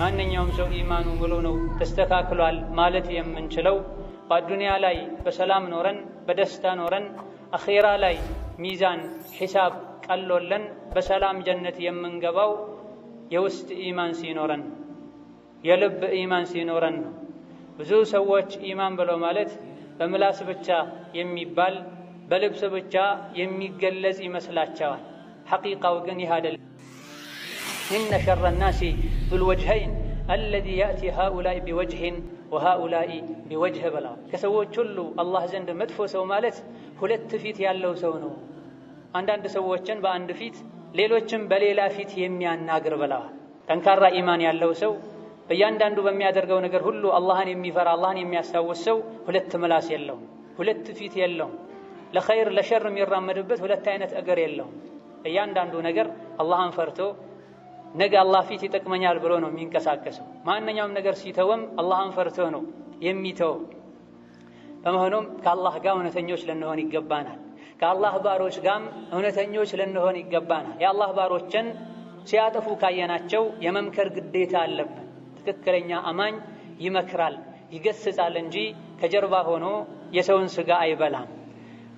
ማንኛውም ሰው ኢማኑ ሙሉ ነው ተስተካክሏል ማለት የምንችለው በአዱንያ ላይ በሰላም ኖረን በደስታ ኖረን አኼራ ላይ ሚዛን ሒሳብ ቀሎለን በሰላም ጀነት የምንገባው የውስጥ ኢማን ሲኖረን የልብ ኢማን ሲኖረን ነው። ብዙ ሰዎች ኢማን ብለው ማለት በምላስ ብቻ የሚባል በልብስ ብቻ የሚገለጽ ይመስላቸዋል። ሐቂቃው ግን ይህ አይደለም። ኢነ ሸረ ናሲ ذو الوجهين الذي يأتي هؤلاء بوجه وهؤلاء بوجه بلا ከሰዎች ሁሉ አላህ ዘንድ መጥፎ ሰው ማለት ሁለት ፊት ያለው ሰው ነው። አንዳንድ ሰዎችን በአንድ ፊት ሌሎችን በሌላ ፊት የሚያናግር ብለዋል። ጠንካራ ኢማን ያለው ሰው በእያንዳንዱ በሚያደርገው ነገር ሁሉ አላህን የሚፈራ አላህን የሚያስታውስ ሰው ሁለት ምላስ የለውም፣ ሁለት ፊት የለውም። ለኸይር ለሸር የሚራመድበት ሁለት አይነት እግር የለውም። እያንዳንዱ ነገር አላህን ፈርቶ ነገ አላህ ፊት ይጠቅመኛል ብሎ ነው የሚንቀሳቀሰው። ማንኛውም ነገር ሲተውም አላህን ፈርቶ ነው የሚተው። በመሆኑም ከአላህ ጋር እውነተኞች ልንሆን ይገባናል። ከአላህ ባሮች ጋርም እውነተኞች ልንሆን ይገባናል። የአላህ ባሮችን ሲያጠፉ ካየናቸው የመምከር ግዴታ አለብን። ትክክለኛ አማኝ ይመክራል፣ ይገስጻል እንጂ ከጀርባ ሆኖ የሰውን ስጋ አይበላም።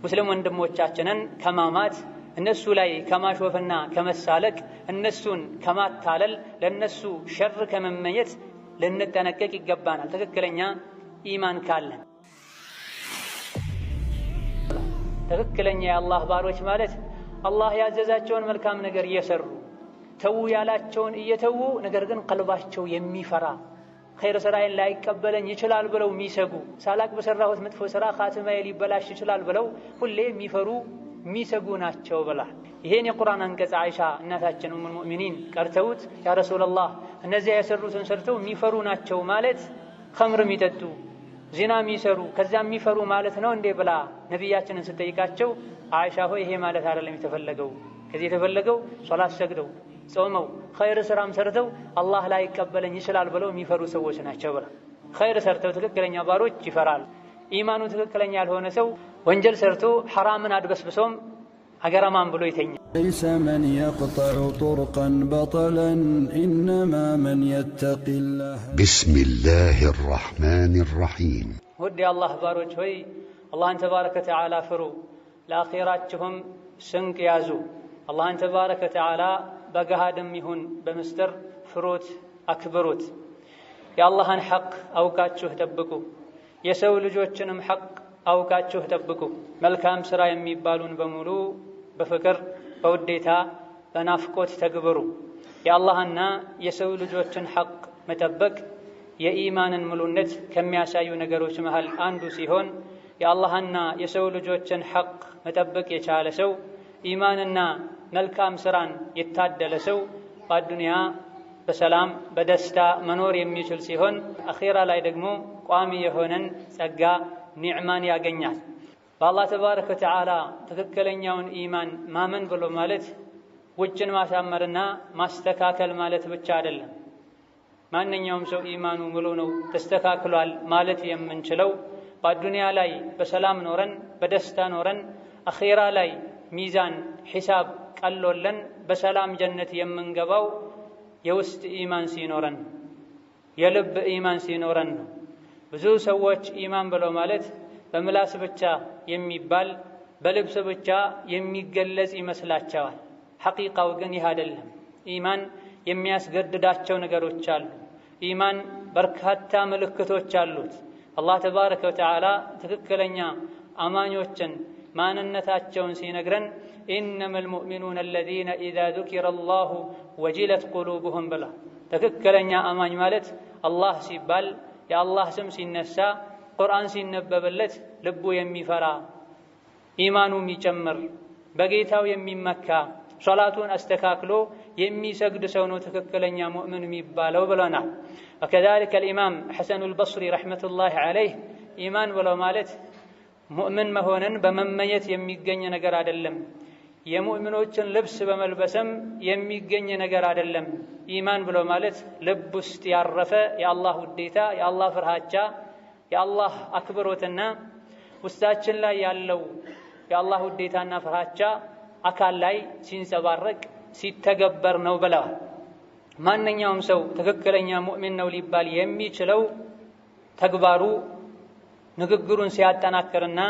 ሙስሊም ወንድሞቻችንን ከማማት እነሱ ላይ ከማሾፍና ከመሳለቅ እነሱን ከማታለል ለእነሱ ሸር ከመመኘት ልንጠነቀቅ ይገባናል። ትክክለኛ ኢማን ካለን ትክክለኛ የአላህ ባሮች ማለት አላህ ያዘዛቸውን መልካም ነገር እየሰሩ ተዉ ያላቸውን እየተዉ ነገር ግን ቀልባቸው የሚፈራ ኸይር ስራዬን ላይቀበለኝ ይችላል ብለው የሚሰጉ ሳላቅ በሰራሁት መጥፎ ስራ ኻትማዬ ሊበላሽ ይችላል ብለው ሁሌ የሚፈሩ የሚሰጉ ናቸው ብላ ይሄን የቁርአን አንቀጽ አይሻ እናታችን ኡሙል ሙእሚኒን ቀርተውት ያ ረሱላላህ እነዚያ የሰሩትን ሰርተው የሚፈሩ ናቸው ማለት ኸምር የሚጠጡ ዜና የሚሰሩ ከዛ የሚፈሩ ማለት ነው እንዴ ብላ ነቢያችንን ስጠይቃቸው አይሻ ሆይ ይሄ ማለት አይደለም የተፈለገው። ከዚህ የተፈለገው ሶላት ሰግደው ጾመው ኸይር ስራም ሰርተው አላህ ላይ ይቀበለኝ ይችላል ብለው የሚፈሩ ሰዎች ናቸው ብላ ኸይር ሰርተው ትክክለኛ ባሮች ይፈራል። إيمانه تكلني على هون سو وانجل سرتو حرام من عدبس بسوم أجر ما نبلو يتني ليس من يقطع طرقا بطلا إنما من يتق الله بسم الله الرحمن الرحيم ودي الله بارو شوي الله تبارك وتعالى فرو لآخراتهم سنك يازو الله تبارك وتعالى بقها دميهن بمستر فروت أكبروت يا الله حق أوقات شهد بكو የሰው ልጆችንም ሐቅ አውቃችሁ ጠብቁ። መልካም ስራ የሚባሉን በሙሉ በፍቅር በውዴታ በናፍቆት ተግብሩ። የአላህና የሰው ልጆችን ሐቅ መጠበቅ የኢማንን ሙሉነት ከሚያሳዩ ነገሮች መሃል አንዱ ሲሆን የአላህና የሰው ልጆችን ሐቅ መጠበቅ የቻለ ሰው ኢማንና መልካም ስራን የታደለ ሰው በአዱንያ በሰላም በደስታ መኖር የሚችል ሲሆን አኼራ ላይ ደግሞ ቋሚ የሆነን ጸጋ ኒዕማን ያገኛል። በአላህ ተባረከ ወተዓላ ትክክለኛውን ኢማን ማመን ብሎ ማለት ውጭን ማሳመርና ማስተካከል ማለት ብቻ አይደለም። ማንኛውም ሰው ኢማኑ ሙሉ ነው ተስተካክሏል ማለት የምንችለው በአዱንያ ላይ በሰላም ኖረን በደስታ ኖረን አኼራ ላይ ሚዛን ሒሳብ ቀሎለን በሰላም ጀነት የምንገባው የውስጥ ኢማን ሲኖረን ነው። የልብ ኢማን ሲኖረን ነው። ብዙ ሰዎች ኢማን ብለው ማለት በምላስ ብቻ የሚባል በልብስ ብቻ የሚገለጽ ይመስላቸዋል። ሐቂቃው ግን ይህ አይደለም። ኢማን የሚያስገድዳቸው ነገሮች አሉ። ኢማን በርካታ ምልክቶች አሉት። አላህ ተባረከ ወተዓላ ትክክለኛ አማኞችን ማንነታቸውን ሲነግረን إنما المؤمنون الذين إذا ذكر الله وجلت قلوبهم بله تككل يا أمان مالت الله سيبال يا الله سم سينسا قرآن سينببلت لبو يمي فرا إيمانو ميجمر በጌታው የሚመካ ሶላቱን አስተካክሎ የሚሰግድ ሰው ነው ትክክለኛ ሙእምን የሚባለው ብለናል። ወከዛሊከ አልኢማም ሐሰኑ አልበስሪ ረሕመቱላሂ ዐለይህ ኢማን ብለው ማለት ሙእምን መሆንን በመመኘት የሚገኝ ነገር اللم የሙእሚኖችን ልብስ በመልበስም የሚገኝ ነገር አይደለም። ኢማን ብሎ ማለት ልብ ውስጥ ያረፈ የአላህ ውዴታ፣ የአላህ ፍርሃቻ፣ የአላህ አክብሮትና ውስጣችን ላይ ያለው የአላህ ውዴታና ፍርሃቻ አካል ላይ ሲንጸባረቅ ሲተገበር ነው ብለዋል። ማንኛውም ሰው ትክክለኛ ሙእሚን ነው ሊባል የሚችለው ተግባሩ ንግግሩን ሲያጠናክርና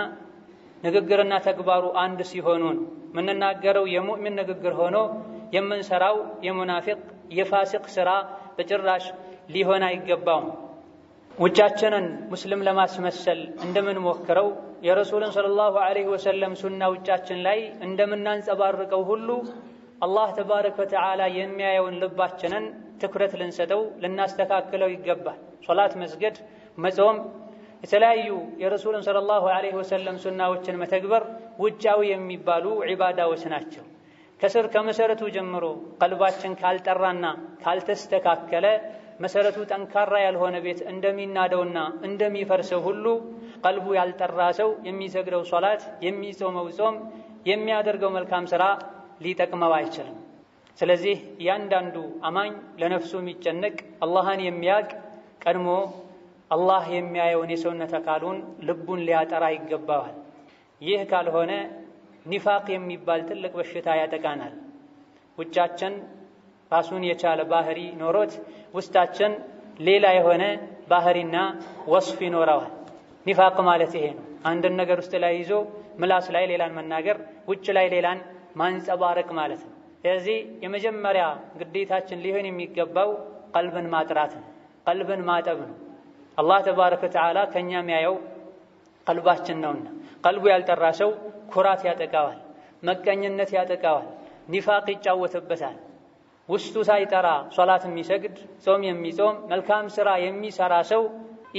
ንግግርና ተግባሩ አንድ ሲሆኑን የምንናገረው የሙእሚን ንግግር ሆኖ የምንሰራው የሙናፊቅ የፋሲቅ ስራ በጭራሽ ሊሆን አይገባውም። ውጫችንን ሙስሊም ለማስመሰል እንደምንሞክረው የረሱልን ሰለላሁ ዐለይሂ ወሰለም ሱና ውጫችን ላይ እንደምናንጸባርቀው ሁሉ አላህ ተባረከ ወተዓላ የሚያየውን ልባችንን ትኩረት ልንሰጠው ልናስተካክለው ይገባል። ሶላት መስገድ፣ መጾም የተለያዩ የረሱልን ሰለላሁ ዐለይሂ ወሰለም ሱናዎችን መተግበር ውጫዊ የሚባሉ ዒባዳዎች ናቸው። ከስር ከመሰረቱ ጀምሮ ቀልባችን ካልጠራና ካልተስተካከለ መሰረቱ ጠንካራ ያልሆነ ቤት እንደሚናደውና እንደሚፈርሰው ሁሉ ቀልቡ ያልጠራ ሰው የሚሰግደው ሶላት፣ የሚጾመው ጾም፣ የሚያደርገው መልካም ስራ ሊጠቅመው አይችልም። ስለዚህ እያንዳንዱ አማኝ ለነፍሱ የሚጨነቅ አላህን የሚያውቅ ቀድሞ አላህ የሚያየውን የሰውነት አካሉን ልቡን ሊያጠራ ይገባዋል። ይህ ካልሆነ ኒፋቅ የሚባል ትልቅ በሽታ ያጠቃናል። ውጫችን ራሱን የቻለ ባህሪ ኖሮት ውስጣችን ሌላ የሆነ ባህሪና ወስፍ ይኖረዋል። ኒፋቅ ማለት ይሄ ነው። አንድን ነገር ውስጥ ላይ ይዞ ምላስ ላይ ሌላን መናገር፣ ውጭ ላይ ሌላን ማንጸባረቅ ማለት ነው። ስለዚህ የመጀመሪያ ግዴታችን ሊሆን የሚገባው ቀልብን ማጥራት ነው፣ ቀልብን ማጠብ ነው። አላህ ተባረከ ወተዓላ ከእኛ የሚያየው ቀልባችን ነውና፣ ቀልቡ ያልጠራ ሰው ኩራት ያጠቃዋል፣ መቀኝነት ያጠቃዋል፣ ኒፋቅ ይጫወትበታል። ውስጡ ሳይጠራ ሶላት የሚሰግድ ጾም የሚጾም መልካም ስራ የሚሰራ ሰው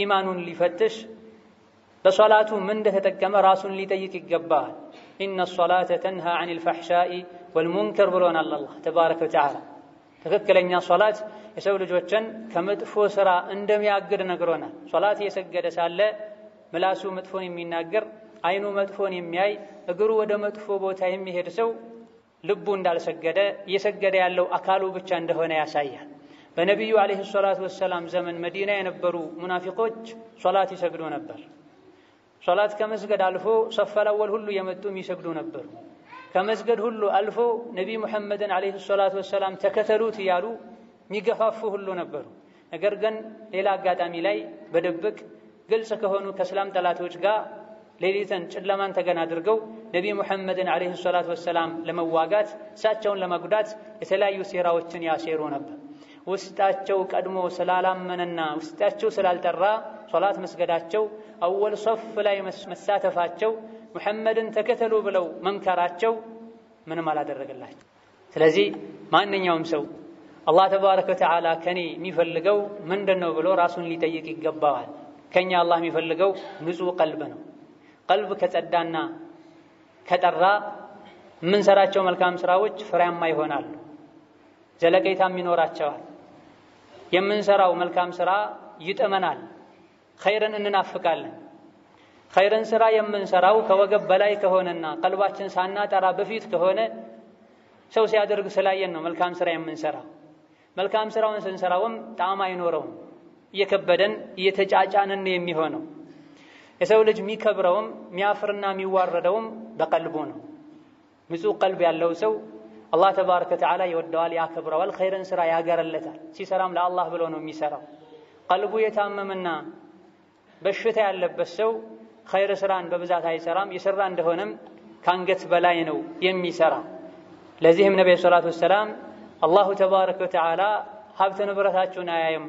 ኢማኑን ሊፈትሽ በሶላቱ ምን እንደተጠቀመ ራሱን ሊጠይቅ ይገባል። ኢነ ሶላተ ተንሃ ዐኒል ፈሕሻኢ ወልሙንከር ብሎናል አላህ ተባረከ ወተዓላ ትክክለኛ ሶላት የሰው ልጆችን ከመጥፎ ስራ እንደሚያግድ ነግሮናል። ሶላት እየሰገደ ሳለ ምላሱ መጥፎን የሚናገር አይኑ መጥፎን የሚያይ እግሩ ወደ መጥፎ ቦታ የሚሄድ ሰው ልቡ እንዳልሰገደ እየሰገደ ያለው አካሉ ብቻ እንደሆነ ያሳያል። በነቢዩ ዓለይሂ ሰላቱ ወሰላም ዘመን መዲና የነበሩ ሙናፊቆች ሶላት ይሰግዱ ነበር። ሶላት ከመስገድ አልፎ ሰፈላወል ሁሉ የመጡም የሚሰግዱ ነበሩ። ከመስገድ ሁሉ አልፎ ነቢይ ሙሐመድን ዓለይሂ ሰላቱ ወሰላም ተከተሉት እያሉ የሚገፋፉ ሁሉ ነበሩ። ነገር ግን ሌላ አጋጣሚ ላይ በድብቅ ግልጽ ከሆኑ ከእስላም ጠላቶች ጋር ሌሊትን ጨለማን ተገን አድርገው ነቢ ሙሐመድን ዓለይሂ ሰላቱ ወሰላም ለመዋጋት እሳቸውን ለመጉዳት የተለያዩ ሴራዎችን ያሴሩ ነበር። ውስጣቸው ቀድሞ ስላላመነና ውስጣቸው ስላልጠራ ሶላት መስገዳቸው፣ አወል ሶፍ ላይ መሳተፋቸው፣ ሙሐመድን ተከተሉ ብለው መምከራቸው ምንም አላደረገላቸው። ስለዚህ ማንኛውም ሰው አላህ ተባረከ ወተዓላ ከኔ የሚፈልገው ምንድን ነው ብሎ ራሱን ሊጠይቅ ይገባዋል። ከኛ አላህ የሚፈልገው ንጹህ ቀልብ ነው። ቀልብ ከጸዳና ከጠራ የምንሰራቸው መልካም ስራዎች ፍሬያማ ይሆናሉ፣ ዘለቄታም ይኖራቸዋል። የምንሰራው መልካም ስራ ይጥመናል፣ ኸይርን እንናፍቃለን። ኸይርን ስራ የምንሰራው ከወገብ በላይ ከሆነና ቀልባችን ሳናጠራ በፊት ከሆነ ሰው ሲያደርግ ስላየን ነው መልካም ስራ የምንሰራው። መልካም ስራውን ስንሰራውም ጣዕም አይኖረውም። እየከበደን እየተጫጫንን የሚሆነው የሰው ልጅ የሚከብረውም የሚያፍርና የሚዋረደውም በቀልቡ ነው። ንጹህ ቀልብ ያለው ሰው አላህ ተባረከ ወተዓላ ይወደዋል፣ ያከብረዋል፣ ኸይርን ስራ ያገረለታል። ሲሰራም ለአላህ ብሎ ነው የሚሰራው። ቀልቡ የታመመና በሽታ ያለበት ሰው ኸይር ስራን በብዛት አይሰራም። የሰራ እንደሆነም ከአንገት በላይ ነው የሚሰራ። ለዚህም ነቢ ሰላቱ ወሰላም አላሁ ተባረከ ወተዓላ ሀብት ንብረታችሁን አያይም፣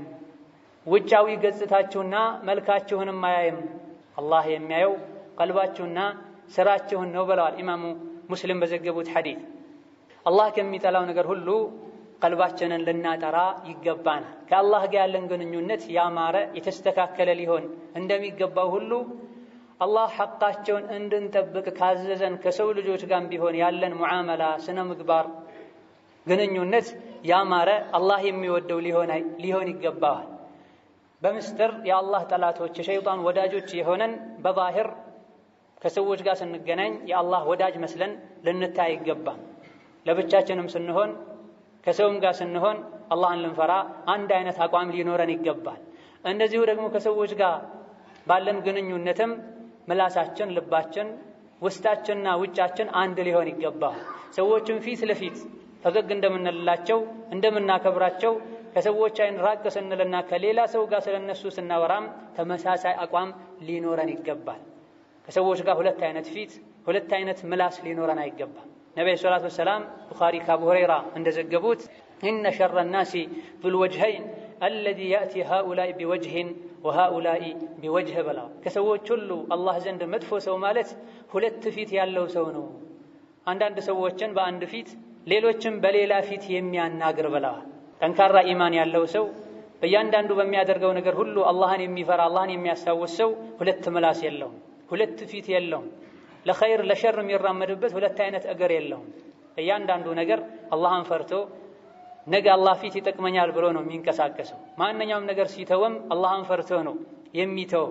ውጫዊ ገጽታችሁና መልካችሁንም አያይም። አላህ የሚያየው ቀልባችሁና ስራችሁን ነው ብለዋል ኢማሙ ሙስሊም በዘገቡት ሐዲት። አላህ ከሚጠላው ነገር ሁሉ ቀልባችንን ልናጠራ ይገባናል። ከአላህ ጋር ያለን ግንኙነት ያማረ የተስተካከለ ሊሆን እንደሚገባው ሁሉ አላህ ሐቃቸውን እንድንጠብቅ ካዘዘን ከሰው ልጆች ጋር ቢሆን ያለን ሙዓመላ ስነ ምግባር ግንኙነት ያማረ አላህ የሚወደው ሊሆን ይገባዋል። በምስጢር የአላህ ጠላቶች የሸይጣን ወዳጆች የሆነን በባህር ከሰዎች ጋር ስንገናኝ የአላህ ወዳጅ መስለን ልንታይ አይገባም። ለብቻችንም ስንሆን ከሰውም ጋር ስንሆን አላህን ልንፈራ አንድ አይነት አቋም ሊኖረን ይገባል። እንደዚሁ ደግሞ ከሰዎች ጋር ባለን ግንኙነትም ምላሳችን፣ ልባችን፣ ውስጣችንና ውጫችን አንድ ሊሆን ይገባል። ሰዎችን ፊት ለፊት ፈገግ እንደምንላቸው እንደምናከብራቸው ከሰዎች አይን ራቅ ስንልና ከሌላ ሰው ጋር ስለነሱ ስናወራም ተመሳሳይ አቋም ሊኖረን ይገባል። ከሰዎች ጋር ሁለት አይነት ፊት፣ ሁለት አይነት ምላስ ሊኖረን አይገባም። ነቢይ ሰላቱ ወሰላም ቡኻሪ ከአቡ ሁረይራ እንደዘገቡት ኢነ ሸረ ናሲ ዙልወጅሀይን አለዚ ያእቲ ሃኡላኢ ቢወጅሂን ወሃኡላኢ ቢወጅህ በላ። ከሰዎች ሁሉ አላህ ዘንድ መጥፎ ሰው ማለት ሁለት ፊት ያለው ሰው ነው። አንዳንድ ሰዎችን በአንድ ፊት ሌሎችም በሌላ ፊት የሚያናግር ብለዋል። ጠንካራ ኢማን ያለው ሰው በእያንዳንዱ በሚያደርገው ነገር ሁሉ አላህን የሚፈራ አላህን የሚያስታውስ ሰው ሁለት ምላስ የለውም፣ ሁለት ፊት የለውም። ለኸይር ለሸር የሚራመድበት ሁለት አይነት እግር የለውም። እያንዳንዱ ነገር አላህን ፈርቶ ነገ አላህ ፊት ይጠቅመኛል ብሎ ነው የሚንቀሳቀሰው። ማንኛውም ነገር ሲተወም አላህን ፈርቶ ነው የሚተወው።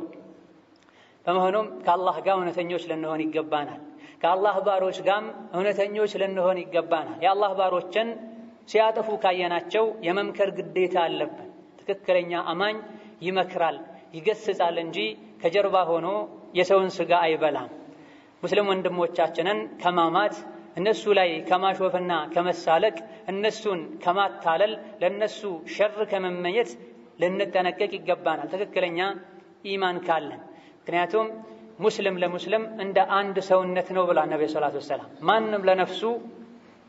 በመሆኑም ከአላህ ጋር እውነተኞች ልንሆን ይገባናል። ከአላህ ባሮች ጋርም እውነተኞች ልንሆን ይገባናል። የአላህ ባሮችን ሲያጠፉ ካየናቸው የመምከር ግዴታ አለብን። ትክክለኛ አማኝ ይመክራል፣ ይገስጻል እንጂ ከጀርባ ሆኖ የሰውን ስጋ አይበላም። ሙስሊም ወንድሞቻችንን ከማማት እነሱ ላይ ከማሾፍና ከመሳለቅ እነሱን ከማታለል ለእነሱ ሸር ከመመኘት ልንጠነቀቅ ይገባናል። ትክክለኛ ኢማን ካለን ምክንያቱም ሙስሊም ለሙስሊም እንደ አንድ ሰውነት ነው ብላ ነቢ ሰላት ወሰላም። ማንም ለነፍሱ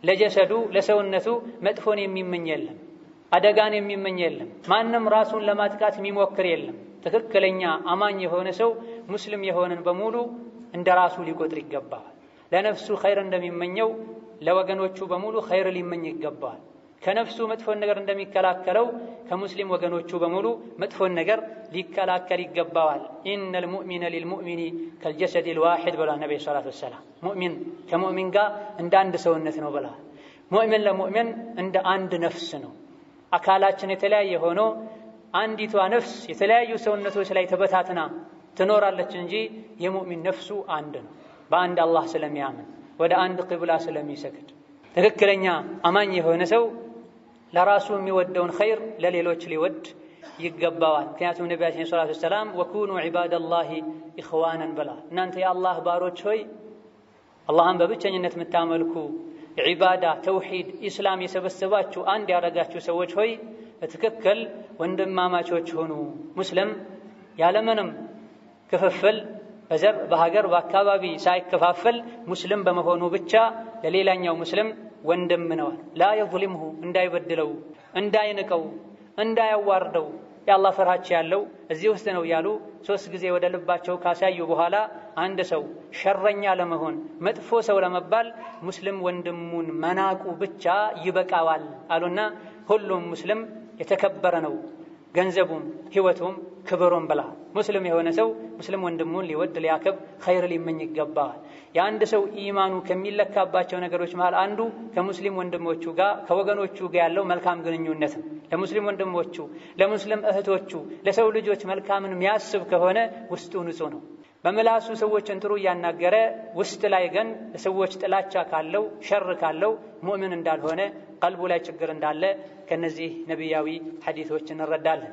ለጀሰዱ ለሰውነቱ መጥፎን የሚመኝ የለም፣ አደጋን የሚመኝ የለም። ማንም ራሱን ለማጥቃት የሚሞክር የለም። ትክክለኛ አማኝ የሆነ ሰው ሙስሊም የሆነን በሙሉ እንደ ራሱ ሊቆጥር ይገባል። ለነፍሱ ኸይር እንደሚመኘው ለወገኖቹ በሙሉ ኸይር ሊመኝ ይገባል። ከነፍሱ መጥፎን ነገር እንደሚከላከለው ከሙስሊም ወገኖቹ በሙሉ መጥፎን ነገር ሊከላከል ይገባዋል። ኢነል ሙእሚነ ሊልሙእሚኒ ከልጀሰድ ልዋሒድ ብሏል ነቢ ሰላት ወሰላም። ሙእሚን ከሙእሚን ጋር እንደ አንድ ሰውነት ነው ብለዋል። ሙእሚን ለሙእሚን እንደ አንድ ነፍስ ነው። አካላችን የተለያየ ሆኖ አንዲቷ ነፍስ የተለያዩ ሰውነቶች ላይ ተበታትና ትኖራለች እንጂ የሙእሚን ነፍሱ አንድ ነው። በአንድ አላህ ስለሚያምን ወደ አንድ ቅብላ ስለሚሰግድ ትክክለኛ አማኝ የሆነ ሰው لراسو ميودون خير لليلوش ليود يقبوان كانت النبي عليه الصلاة والسلام وكونوا عباد الله إخوانا بلا نانت يا الله باروت شوي اللهم ببتشن ينت متاملكو عبادة توحيد إسلام يسب السواتشو أن دي عرقاتشو سواتش هوي تككل وندم ما ما هونو مسلم يا لمنم كففل بزر بهاجر وكبابي سايك كففل مسلم بمهونو بتشا لليلان يوم مسلم ወንድም ነዋል። ላ የظሊምሁ እንዳይበድለው፣ እንዳይንቀው፣ እንዳያዋርደው የአላህ ፈርሃች ያለው እዚህ ውስጥ ነው ያሉ ሶስት ጊዜ ወደ ልባቸው ካሳዩ በኋላ አንድ ሰው ሸረኛ ለመሆን መጥፎ ሰው ለመባል ሙስሊም ወንድሙን መናቁ ብቻ ይበቃዋል አሉና ሁሉም ሙስሊም የተከበረ ነው፣ ገንዘቡም፣ ህይወቱም፣ ክብሩም ብላ ሙስሊም የሆነ ሰው ሙስሊም ወንድሙን ሊወድ ሊያከብ ኸይር ሊመኝ ይገባዋል። የአንድ ሰው ኢማኑ ከሚለካባቸው ነገሮች መሃል አንዱ ከሙስሊም ወንድሞቹ ጋር ከወገኖቹ ጋር ያለው መልካም ግንኙነት ነው። ለሙስሊም ወንድሞቹ፣ ለሙስሊም እህቶቹ፣ ለሰው ልጆች መልካምን የሚያስብ ከሆነ ውስጡ ንጹህ ነው። በምላሱ ሰዎችን ጥሩ እያናገረ ውስጥ ላይ ግን ለሰዎች ጥላቻ ካለው ሸር ካለው ሙእምን እንዳልሆነ ቀልቡ ላይ ችግር እንዳለ ከነዚህ ነቢያዊ ሐዲቶች እንረዳለን።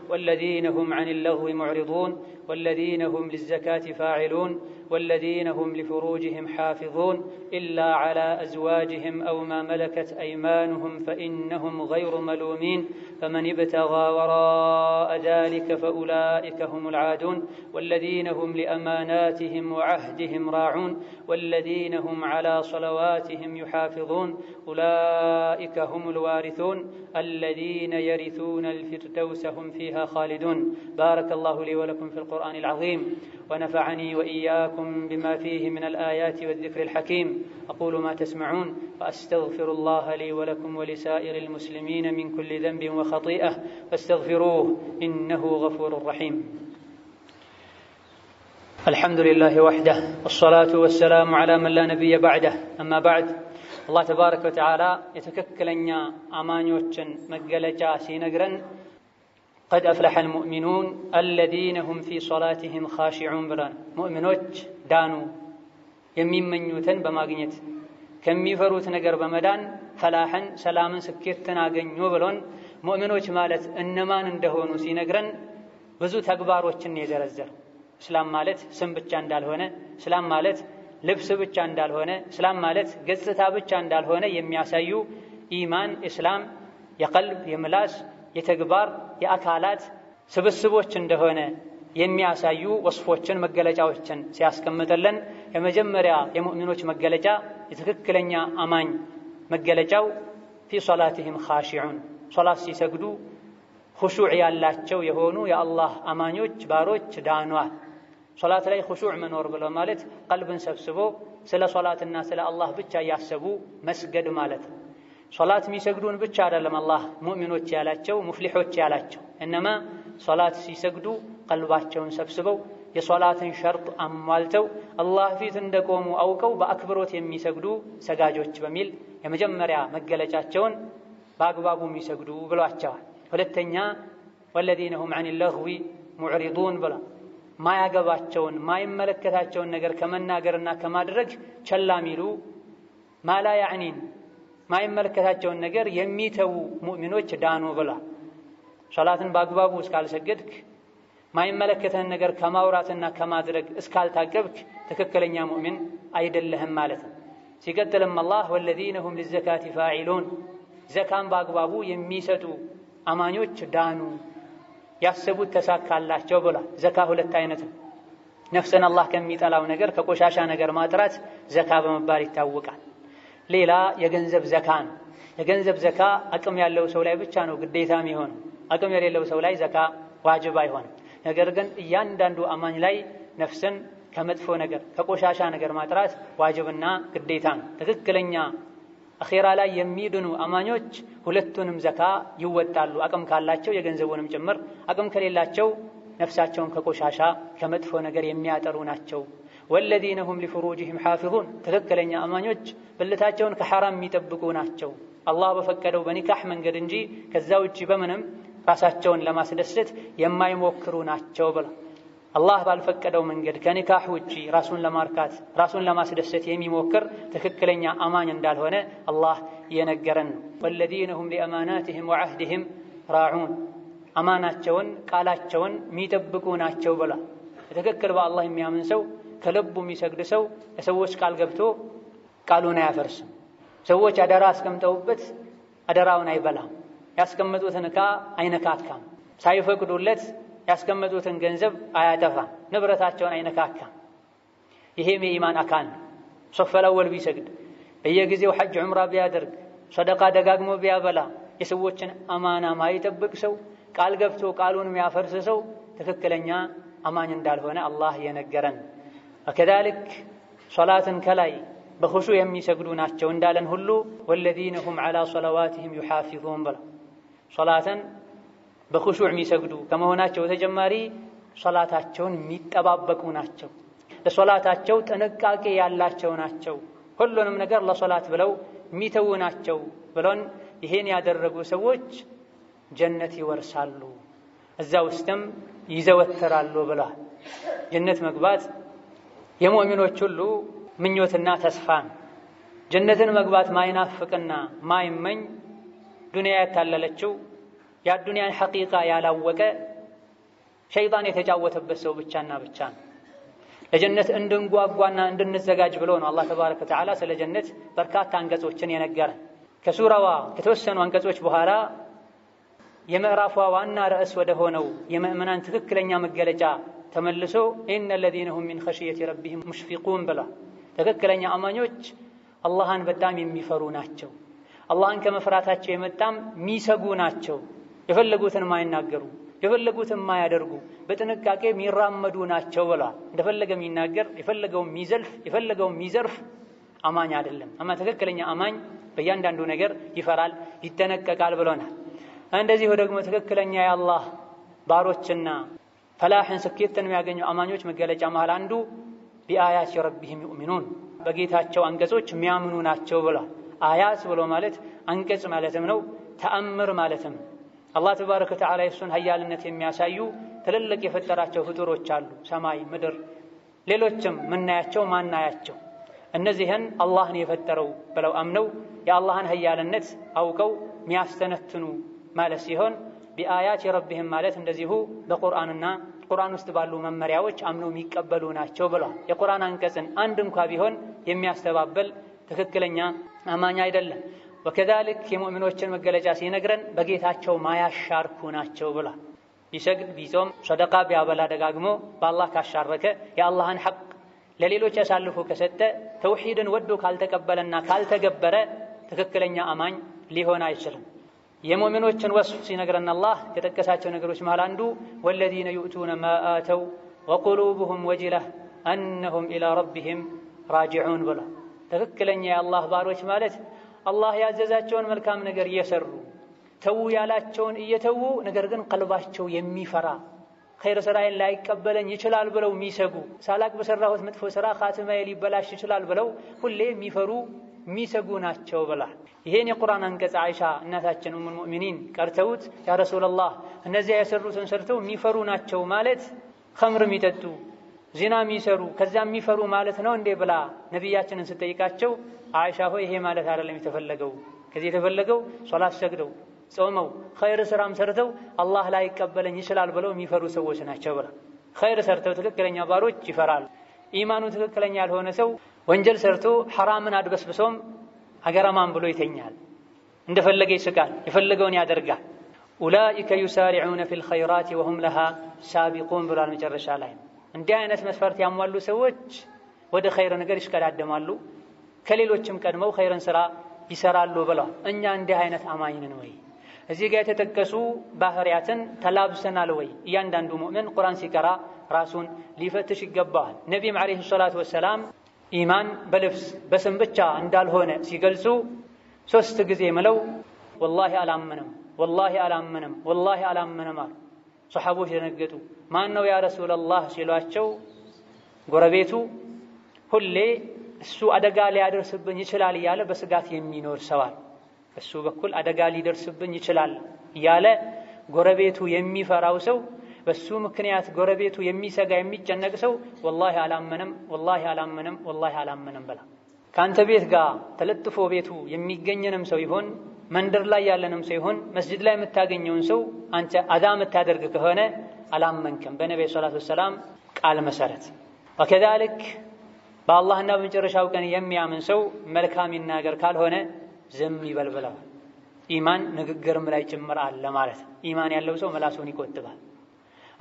والذين هم عن اللغو معرضون والذين هم للزكاة فاعلون والذين هم لفروجهم حافظون إلا على أزواجهم أو ما ملكت أيمانهم فإنهم غير ملومين فمن ابتغى وراء ذلك فأولئك هم العادون والذين هم لأماناتهم وعهدهم راعون والذين هم على صلواتهم يحافظون أولئك هم الوارثون الذين يرثون الفردوس هم فيها خالدون بارك الله لي ولكم في القرآن العظيم ونفعني وإياكم بما فيه من الآيات والذكر الحكيم أقول ما تسمعون وأستغفر الله لي ولكم ولسائر المسلمين من كل ذنب وخطيئة فاستغفروه إنه غفور رحيم الحمد لله وحده والصلاة والسلام على من لا نبي بعده أما بعد الله تبارك وتعالى يتككلن أمانيوتشن مقلجا سينقرن ቀድ አፍለሐ አልሙእሚኑን አለዚነ ሁም ፊ ሶላቲሂም ኻሺዑን ብሏል። ሙእሚኖች ዳኑ የሚመኙትን በማግኘት ከሚፈሩት ነገር በመዳን ፈላሕን፣ ሰላምን፣ ስኬትን አገኙ ብሎን ሙእሚኖች ማለት እነማን እንደሆኑ ሲነግረን ብዙ ተግባሮችን የዘረዘር እስላም ማለት ስም ብቻ እንዳልሆነ፣ እስላም ማለት ልብስ ብቻ እንዳልሆነ፣ እስላም ማለት ገጽታ ብቻ እንዳልሆነ የሚያሳዩ ኢማን፣ እስላም የቀልብ የምላስ የተግባር የአካላት ስብስቦች እንደሆነ የሚያሳዩ ወስፎችን መገለጫዎችን ሲያስቀምጥልን የመጀመሪያ የሙእሚኖች መገለጫ የትክክለኛ አማኝ መገለጫው ፊ ሶላትህም ኻሺዑን ሶላት ሲሰግዱ ሁሹዕ ያላቸው የሆኑ የአላህ አማኞች ባሮች ዳኗል። ሶላት ላይ ሁሹዕ መኖር ብሎ ማለት ቀልብን ሰብስቦ ስለ ሶላትና ስለ አላህ ብቻ እያሰቡ መስገድ ማለት ነው። ሶላት የሚሰግዱን ብቻ አይደለም አላህ ሙእሚኖች ያላቸው ሙፍሊሖች ያላቸው እነማ ሶላት ሲሰግዱ ቀልባቸውን ሰብስበው የሶላትን ሸርጥ አሟልተው አላህ ፊት እንደቆሙ አውቀው በአክብሮት የሚሰግዱ ሰጋጆች በሚል የመጀመሪያ መገለጫቸውን በአግባቡ የሚሰግዱ ብሏቸዋል። ሁለተኛ ወለዚነ ሁም አን ለህዊ ሙዕሪዱን ብሏል። ማያገባቸውን ማይመለከታቸውን ነገር ከመናገርና ከማድረግ ቸላ ሚሉ ማላ ያዕኒን ማይመለከታቸውን ነገር የሚተዉ ሙእሚኖች ዳኑ ብላ ሰላትን በአግባቡ እስካልሰገድክ ማይመለከተን ነገር ከማውራትና ከማድረግ እስካልታቀብክ ትክክለኛ ሙእሚን አይደለህም ማለት ነው። ሲቀጥልም አላህ ወለዚነ ሁም ሊዘካቲ ፋዒሉን ዘካን በአግባቡ የሚሰጡ አማኞች ዳኑ፣ ያሰቡት ተሳካላቸው ብላ ዘካ ሁለት አይነት ነው። ነፍስን አላህ ከሚጠላው ነገር ከቆሻሻ ነገር ማጥራት ዘካ በመባል ይታወቃል። ሌላ የገንዘብ ዘካ ነው። የገንዘብ ዘካ አቅም ያለው ሰው ላይ ብቻ ነው ግዴታ የሚሆን። አቅም የሌለው ሰው ላይ ዘካ ዋጅብ አይሆንም። ነገር ግን እያንዳንዱ አማኝ ላይ ነፍስን ከመጥፎ ነገር ከቆሻሻ ነገር ማጥራት ዋጅብና ግዴታ ነው። ትክክለኛ አኼራ ላይ የሚድኑ አማኞች ሁለቱንም ዘካ ይወጣሉ። አቅም ካላቸው የገንዘቡንም ጭምር፣ አቅም ከሌላቸው ነፍሳቸውን ከቆሻሻ ከመጥፎ ነገር የሚያጠሩ ናቸው። والذين هم لفروجهم حافظون تككل يا أمانيوج بل تاجون كحرام ميتبقون أتشو الله بفكروا بني كحمن قدنجي كزاوج بمنم راساتشون لما سدست يما يموكرون أتشو بلا الله بالفكروا من قد كان كاحوجي راسون لماركات راسون لما سدست يمي موكر تككل يا أمانيان دال هنا الله ينقرن والذين هم لأماناتهم وعهدهم راعون أمانات شون قالات شون ميتبقون أتشو بلا تككل بأ الله يميامن سو ከልቡ የሚሰግድ ሰው ለሰዎች ቃል ገብቶ ቃሉን አያፈርስም። ሰዎች አደራ አስቀምጠውበት አደራውን አይበላም። ያስቀመጡትን ዕቃ አይነካካም። ሳይፈቅዱለት ያስቀመጡትን ገንዘብ አያጠፋም። ንብረታቸውን አይነካካም። ይሄም የኢማን አካል ነው። ሶፈላወል ቢሰግድ፣ በየጊዜው ሐጅ ዑምራ ቢያደርግ፣ ሰደቃ ደጋግሞ ቢያበላ፣ የሰዎችን አማና ማይጠብቅ ሰው፣ ቃል ገብቶ ቃሉን የሚያፈርስ ሰው ትክክለኛ አማኝ እንዳልሆነ አላህ የነገረን ወከዛልክ ሶላትን ከላይ በኹሹ የሚሰግዱ ናቸው እንዳለን ሁሉ ወለዚነ ሁም ዓላ ሶላዋትህም ዩሓፊዙን ብለው ሶላትን በኹሹ የሚሰግዱ ከመሆናቸው በተጨማሪ ሶላታቸውን የሚጠባበቁ ናቸው። ለሶላታቸው ጥንቃቄ ያላቸው ናቸው። ሁሉንም ነገር ለሶላት ብለው የሚተዉ ናቸው ብሎን ይሄን ያደረጉ ሰዎች ጀነት ይወርሳሉ፣ እዛ ውስጥም ይዘወትራሉ ብሏል። ጀነት መግባት የሙእሚኖች ሁሉ ምኞትና ተስፋ ነው። ጀነትን መግባት ማይናፍቅና ማይመኝ ዱንያ ያታለለችው የአዱንያን ሐቂቃ ያላወቀ ሸይጣን የተጫወተበት ሰው ብቻና ብቻ ነው። ለጀነት እንድንጓጓና እንድንዘጋጅ ብሎ ነው አላህ ተባረከ ወተዓላ ስለ ጀነት በርካታ አንቀጾችን የነገረ። ከሱራዋ ከተወሰኑ አንቀጾች በኋላ የምዕራፏ ዋና ርዕስ ወደ ሆነው የምእመናን ትክክለኛ መገለጫ ተመልሶ ኢነ ለዚነ ሁም ሚን ኸሽየቲ ረቢህም ሙሽፊቁን ብሏል። ትክክለኛ አማኞች አላህን በጣም የሚፈሩ ናቸው። አላህን ከመፍራታቸው የመጣም ሚሰጉ ናቸው። የፈለጉትን ማይናገሩ፣ የፈለጉትን ማያደርጉ፣ በጥንቃቄ የሚራመዱ ናቸው ብሏል። እንደፈለገ የሚናገር የፈለገው የሚዘልፍ የፈለገው የሚዘርፍ አማኝ አይደለም። አማ ትክክለኛ አማኝ በእያንዳንዱ ነገር ይፈራል፣ ይጠነቀቃል ብሎናል። እንደዚሁ ደግሞ ትክክለኛ የአላህ ባሮችና ፈላህን ስኬትን የሚያገኙ አማኞች መገለጫ መሃል አንዱ ቢአያት ረቢህም ዩእሚኑን በጌታቸው አንቀጾች የሚያምኑ ናቸው ብሏል። አያት ብሎ ማለት አንቀጽ ማለትም ነው፣ ተአምር ማለትም አላህ ተባረከ ወተዓላ የእሱን ሀያልነት የሚያሳዩ ትልልቅ የፈጠራቸው ፍጡሮች አሉ። ሰማይ፣ ምድር፣ ሌሎችም ምናያቸው ማናያቸው እነዚህን አላህን የፈጠረው ብለው አምነው የአላህን ሀያልነት አውቀው የሚያስተነትኑ ማለት ሲሆን ቢአያት የረብህም ማለት እንደዚሁ በቁርአንና ቁርአን ውስጥ ባሉ መመሪያዎች አምኖ የሚቀበሉ ናቸው ብሏል። የቁርአን አንቀጽን አንድ እንኳ ቢሆን የሚያስተባበል ትክክለኛ አማኝ አይደለም። ወከዛልክ የሙእሚኖችን መገለጫ ሲነግረን በጌታቸው ማያሻርኩ ናቸው ብሏል። ቢሰግድ ቢጾም፣ ሰደቃ ቢያበላ ደጋግሞ በአላህ ካሻረከ የአላህን ሐቅ ለሌሎች አሳልፎ ከሰጠ ተውሂድን ወዶ ካልተቀበለና ካልተገበረ ትክክለኛ አማኝ ሊሆን አይችልም። የሙእሚኖችን ወስፍ ሲነግረን አላህ የጠቀሳቸው ነገሮች መሃል አንዱ ወለዚነ ዩእቱነ ማ አተው ወቁሉቡሁም ወጅላ አነሁም ኢላ ረቢህም ራጅዑን ብሏል። ትክክለኛ የአላህ ባሮች ማለት አላህ ያዘዛቸውን መልካም ነገር እየሰሩ ተዉ ያላቸውን እየተዉ ነገር ግን ቀልባቸው የሚፈራ ኸይር ስራዬን ላይቀበለኝ ይችላል ብለው የሚሰጉ ሳላቅ በሰራሁት መጥፎ ስራ ኻትማዬ ሊበላሽ ይችላል ብለው ሁሌ የሚፈሩ የሚሰጉ ናቸው ብላ ይሄን የቁርአን አንቀጽ አይሻ እናታችን ኡሙል ሙእሚኒን ቀርተውት ያ ረሱላላህ እነዚያ የሰሩትን ሰርተው የሚፈሩ ናቸው ማለት ኸምር የሚጠጡ ዜና የሚሰሩ ከዛ የሚፈሩ ማለት ነው እንዴ ብላ ነቢያችንን ስጠይቃቸው አይሻ ሆይ ይሄ ማለት አይደለም የተፈለገው። ከዚህ የተፈለገው ሶላት ሰግደው ጾመው ኸይር ስራም ሰርተው አላህ ላይ ይቀበለኝ ይችላል ብለው የሚፈሩ ሰዎች ናቸው ብላ ኸይር ሰርተው ትክክለኛ ባሮች ይፈራሉ። ኢማኑ ትክክለኛ ያልሆነ ሰው ወንጀል ሰርቶ ሐራምን አድበስብሶም አገረማን ብሎ ይተኛል። እንደፈለገ ይስቃል፣ የፈለገውን ያደርጋል። ኡላኢከ ዩሳሪዑነ ፊል ኸይራት ወሁም ለሃ ሳቢቁን ብሏል። መጨረሻ ላይ እንዲህ አይነት መስፈርት ያሟሉ ሰዎች ወደ ኸይር ነገር ይሽቀዳደማሉ፣ ከሌሎችም ቀድመው ኸይርን ስራ ይሰራሉ ብሏል። እኛ እንዲህ አይነት አማኝንን ወይ እዚህ ጋር የተጠቀሱ ባህሪያትን ተላብሰናል ወይ? እያንዳንዱ ሙእምን ቁርአን ሲቀራ ራሱን ሊፈትሽ ይገባዋል። ነቢይም ዓለይሂ ሰላቱ ወሰላም ኢማን በልብስ በስም ብቻ እንዳልሆነ ሲገልጹ ሶስት ጊዜ ምለው ወላሂ አላምንም፣ ወላሂ አላምንም፣ ወላሂ አላምንም አሉ። ሰሓቦች ደነገጡ። ማን ነው ያ ረሱለላህ ሲሏቸው ጎረቤቱ ሁሌ እሱ አደጋ ሊያደርስብኝ ይችላል እያለ በስጋት የሚኖር ሰዋል እሱ በኩል አደጋ ሊደርስብኝ ይችላል እያለ ጎረቤቱ የሚፈራው ሰው በሱ ምክንያት ጎረቤቱ የሚሰጋ የሚጨነቅ ሰው ወላሂ አላመነም፣ ወላሂ አላመነም፣ ወላሂ አላመነም በላ። ከአንተ ቤት ጋር ተለጥፎ ቤቱ የሚገኘንም ሰው ይሆን መንደር ላይ ያለንም ሰው ይሆን መስጅድ ላይ የምታገኘውን ሰው አንተ አዛ የምታደርግ ከሆነ አላመንክም በነቢ ሰላቱ ወሰላም ቃል መሰረት ወከዛልክ በአላህና በመጨረሻው ቀን የሚያምን ሰው መልካም ይናገር፣ ካልሆነ ዝም ይበል ብለዋል። ኢማን ንግግርም ላይ ጭምር አለ ማለት ኢማን ያለው ሰው መላሱን ይቆጥባል።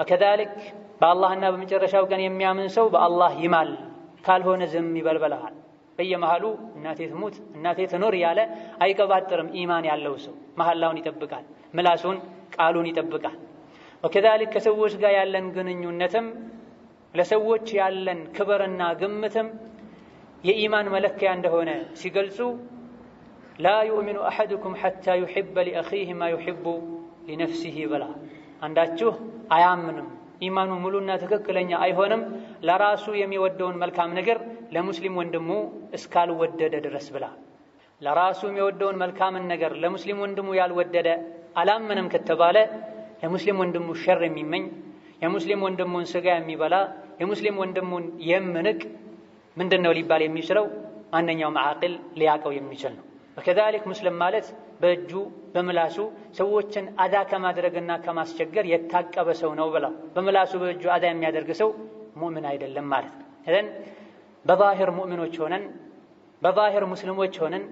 وكذلك با الله النبي من جرشا وكان يميا من سو الله يمال قال هو نزم يبلبلها بي مهالو الناتي تموت الناتي تنور يالا اي كباترم ايمان يالله سو مهالاون يتبقال ملاسون قالون يتبقال وكذلك كسووش قايا لن قنن يونتم يالن كبرنا غمتم يا ايمان ملكي عندهن سيقلسو لا يؤمن احدكم حتى يحب لاخيه ما يحب لنفسه بلا አንዳችሁ አያምንም፣ ኢማኑ ሙሉና ትክክለኛ አይሆንም ለራሱ የሚወደውን መልካም ነገር ለሙስሊም ወንድሙ እስካልወደደ ድረስ ብላ ለራሱ የሚወደውን መልካምን ነገር ለሙስሊም ወንድሙ ያልወደደ አላመነም ከተባለ ለሙስሊም ወንድሙ ሸር የሚመኝ የሙስሊም ወንድሙን ስጋ የሚበላ የሙስሊም ወንድሙን የምንቅ ምንድን ነው ሊባል የሚችለው? ማንኛውም ዓቅል ሊያቀው የሚችል ነው። ወከዛሊክ ሙስሊም ማለት በእጁ በምላሱ ሰዎችን አዳ ከማድረግና ከማስቸገር የታቀበ ሰው ነው ብላ በምላሱ በእጁ አዳ የሚያደርግ ሰው ሙእምን አይደለም ማለት ነው። በባህር በዛሂር ሙእሚኖች ሆነን በዛሂር ሙስሊሞች ሆነን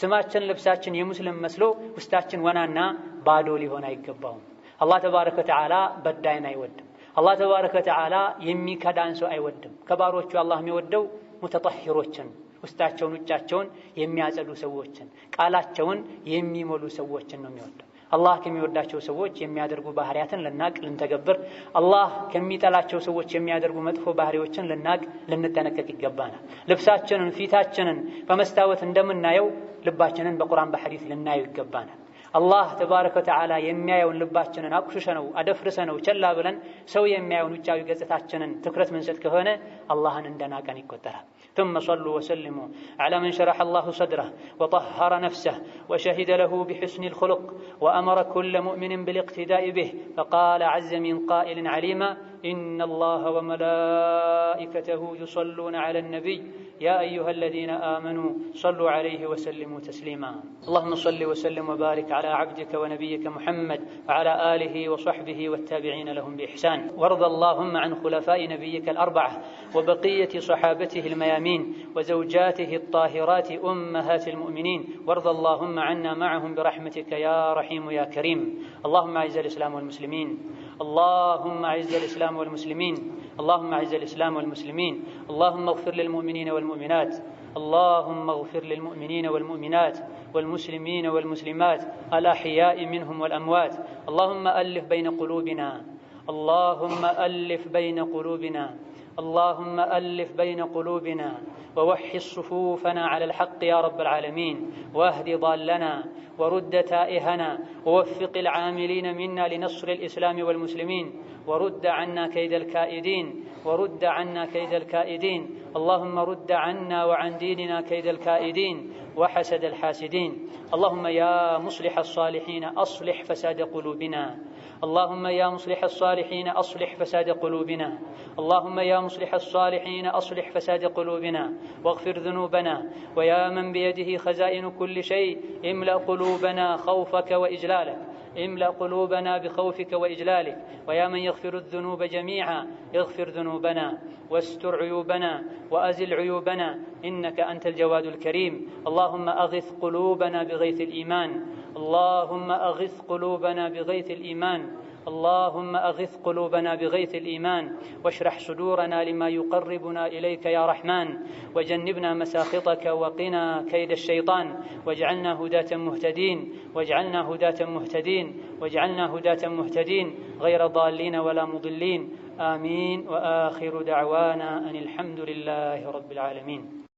ስማችን፣ ልብሳችን የሙስሊም መስሎ ውስጣችን ወናና ባዶ ሊሆን አይገባውም። አላህ ተባረከ ወተዓላ በዳይን አይወድም። አላህ ተባረከ ወተዓላ የሚከዳን ሰው አይወድም። ከባሮቹ አላህ የሚወደው ሙተጠሂሮችን ውስጣቸውን ውጫቸውን የሚያጸዱ ሰዎችን ቃላቸውን የሚሞሉ ሰዎችን ነው የሚወደው። አላህ ከሚወዳቸው ሰዎች የሚያደርጉ ባህሪያትን ልናቅ ልንተገብር፣ አላህ ከሚጠላቸው ሰዎች የሚያደርጉ መጥፎ ባህሪዎችን ልናቅ ልንጠነቀቅ ይገባናል። ልብሳችንን፣ ፊታችንን በመስታወት እንደምናየው ልባችንን በቁርአን በሐዲስ ልናየው ይገባናል። አላህ ተባረከ ወተዓላ የሚያየውን ልባችንን አቁሽሸነው አደፍርሰነው ቸላ ብለን ሰው የሚያየውን ውጫዊ ገጽታችንን ትኩረት ምንሰጥ ከሆነ አላህን እንደናቀን ይቆጠራል። ثم صلوا وسلموا على من شرح الله صدره وطهر نفسه وشهد له بحسن الخلق وامر كل مؤمن بالاقتداء به فقال عز من قائل عليما إن الله وملائكته يصلون على النبي يا أيها الذين آمنوا صلوا عليه وسلموا تسليما اللهم صل وسلم وبارك على عبدك ونبيك محمد وعلى آله وصحبه والتابعين لهم بإحسان وارض اللهم عن خلفاء نبيك الأربعة وبقية صحابته الميامين وزوجاته الطاهرات أمهات المؤمنين وارض اللهم عنا معهم برحمتك يا رحيم يا كريم اللهم أعز الإسلام والمسلمين اللهم اعز الاسلام والمسلمين اللهم اعز الاسلام والمسلمين اللهم اغفر للمؤمنين والمؤمنات اللهم اغفر للمؤمنين والمؤمنات والمسلمين والمسلمات الاحياء منهم والاموات اللهم الف بين قلوبنا اللهم الف بين قلوبنا اللهم ألف بين قلوبنا ووحي صفوفنا على الحق يا رب العالمين واهد ضالنا ورد تائهنا ووفق العاملين منا لنصر الإسلام والمسلمين ورد عنا كيد الكائدين ورد عنا كيد الكائدين اللهم رد عنا وعن ديننا كيد الكائدين وحسد الحاسدين اللهم يا مصلح الصالحين اصلح فساد قلوبنا اللهم يا مصلح الصالحين اصلح فساد قلوبنا اللهم يا مصلح الصالحين اصلح فساد قلوبنا واغفر ذنوبنا ويا من بيده خزائن كل شيء املا قلوبنا خوفك واجلالك املأ قلوبنا بخوفك وإجلالك ويا من يغفر الذنوب جميعا اغفر ذنوبنا واستر عيوبنا وأزل عيوبنا إنك أنت الجواد الكريم اللهم أغث قلوبنا بغيث الإيمان اللهم أغث قلوبنا بغيث الإيمان اللهم اغث قلوبنا بغيث الايمان واشرح صدورنا لما يقربنا اليك يا رحمن وجنبنا مساخطك وقنا كيد الشيطان واجعلنا هداة مهتدين واجعلنا هداة مهتدين واجعلنا هداة مهتدين غير ضالين ولا مضلين امين واخر دعوانا ان الحمد لله رب العالمين